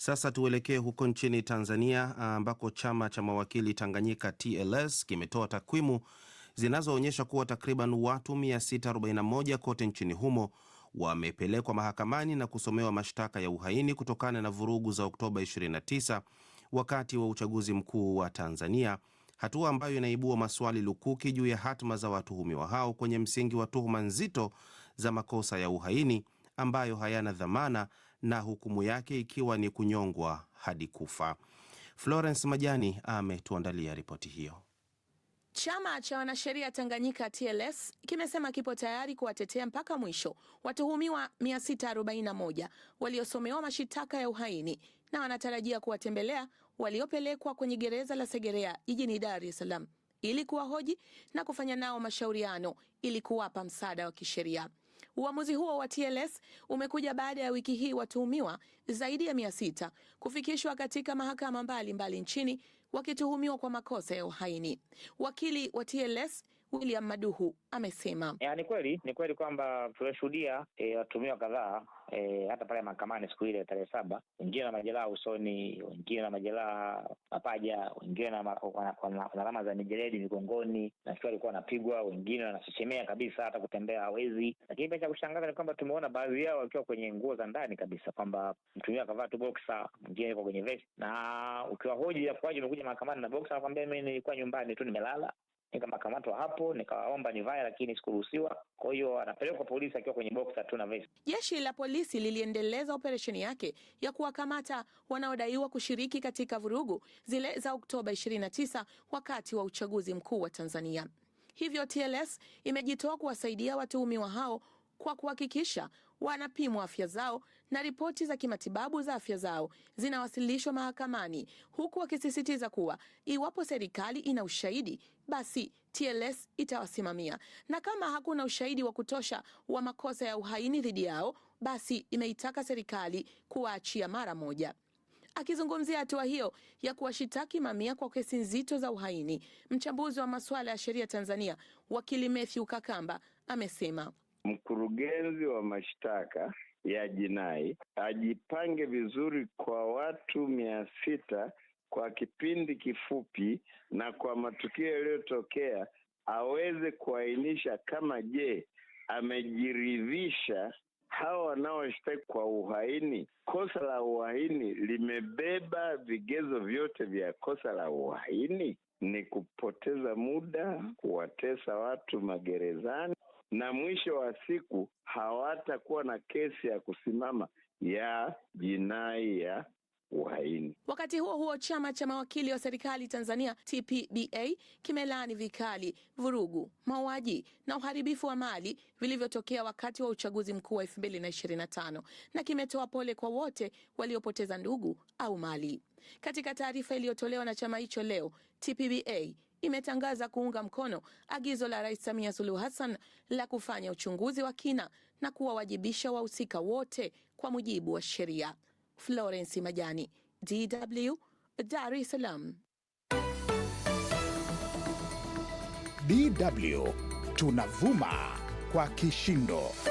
Sasa tuelekee huko nchini Tanzania ambako chama cha mawakili Tanganyika TLS kimetoa takwimu zinazoonyesha kuwa takriban watu 641 kote nchini humo wamepelekwa mahakamani na kusomewa mashtaka ya uhaini kutokana na vurugu za Oktoba 29 wakati wa uchaguzi mkuu wa Tanzania, hatua ambayo inaibua maswali lukuki juu ya hatma za watuhumiwa hao kwenye msingi wa tuhuma nzito za makosa ya uhaini ambayo hayana dhamana na hukumu yake ikiwa ni kunyongwa hadi kufa. Florence Majani ametuandalia ripoti hiyo. Chama cha wanasheria Tanganyika TLS kimesema kipo tayari kuwatetea mpaka mwisho watuhumiwa 641 waliosomewa mashitaka ya uhaini na wanatarajia kuwatembelea waliopelekwa kwenye gereza la Segerea jijini Dar es Salaam ili kuwahoji na kufanya nao mashauriano ili kuwapa msaada wa kisheria. Uamuzi huo wa TLS umekuja baada ya wiki hii watuhumiwa zaidi ya mia sita kufikishwa katika mahakama mbalimbali nchini wakituhumiwa kwa makosa ya uhaini. Wakili wa TLS William Maduhu amesema ya, eh, ni kweli ni kweli kwamba tumeshuhudia eh, watumiwa e, kadhaa e, hata pale mahakamani siku ile tarehe saba, wengine na majeraha usoni, wengine na majeraha mapaja, wengine na alama za mijeledi migongoni, nafikiri walikuwa wanapigwa, wengine wanachechemea kabisa, hata kutembea hawezi. Lakini pia cha kushangaza ni kwamba tumeona baadhi yao wakiwa kwenye nguo za ndani kabisa, kwamba mtumiwa akavaa tu boksa, mwingine yuko kwenye vest, na ukiwahoji ya kwaje umekuja mahakamani na boksa, anakwambia mimi nilikuwa nyumbani tu nimelala. Nikamakamatwa hapo, nikawaomba nivae, lakini sikuruhusiwa. Kwa hiyo anapelekwa polisi akiwa kwenye box hatuna vest. Jeshi la polisi liliendeleza operesheni yake ya kuwakamata wanaodaiwa kushiriki katika vurugu zile za Oktoba 29 wakati wa uchaguzi mkuu wa Tanzania. Hivyo TLS imejitoa kuwasaidia watuhumiwa hao kwa kuhakikisha wanapimwa afya zao na ripoti za kimatibabu za afya zao zinawasilishwa mahakamani, huku wakisisitiza kuwa iwapo serikali ina ushahidi basi TLS itawasimamia na kama hakuna ushahidi wa kutosha wa makosa ya uhaini dhidi yao, basi imeitaka serikali kuwaachia mara moja. Akizungumzia hatua hiyo ya kuwashitaki mamia kwa kesi nzito za uhaini, mchambuzi wa masuala ya sheria Tanzania, wakili Matthew Kakamba amesema mkurugenzi wa mashtaka ya jinai ajipange vizuri kwa watu mia sita kwa kipindi kifupi, na kwa matukio yaliyotokea aweze kuainisha kama, je, amejiridhisha hawa wanaoshtaki kwa uhaini, kosa la uhaini limebeba vigezo vyote vya kosa la uhaini? Ni kupoteza muda, kuwatesa watu magerezani na mwisho wa siku hawatakuwa na kesi ya kusimama ya jinai ya uhaini. Wakati huo huo, chama cha mawakili wa serikali Tanzania TPBA kimelaani vikali vurugu, mauaji na uharibifu wa mali vilivyotokea wakati wa uchaguzi mkuu wa 2025 na kimetoa pole kwa wote waliopoteza ndugu au mali. Katika taarifa iliyotolewa na chama hicho leo, TPBA imetangaza kuunga mkono agizo la Rais Samia Suluhu Hassan la kufanya uchunguzi wa kina na kuwawajibisha wahusika wote kwa mujibu wa sheria. Florence Majani, DW, Dar es Salaam. DW tunavuma kwa kishindo.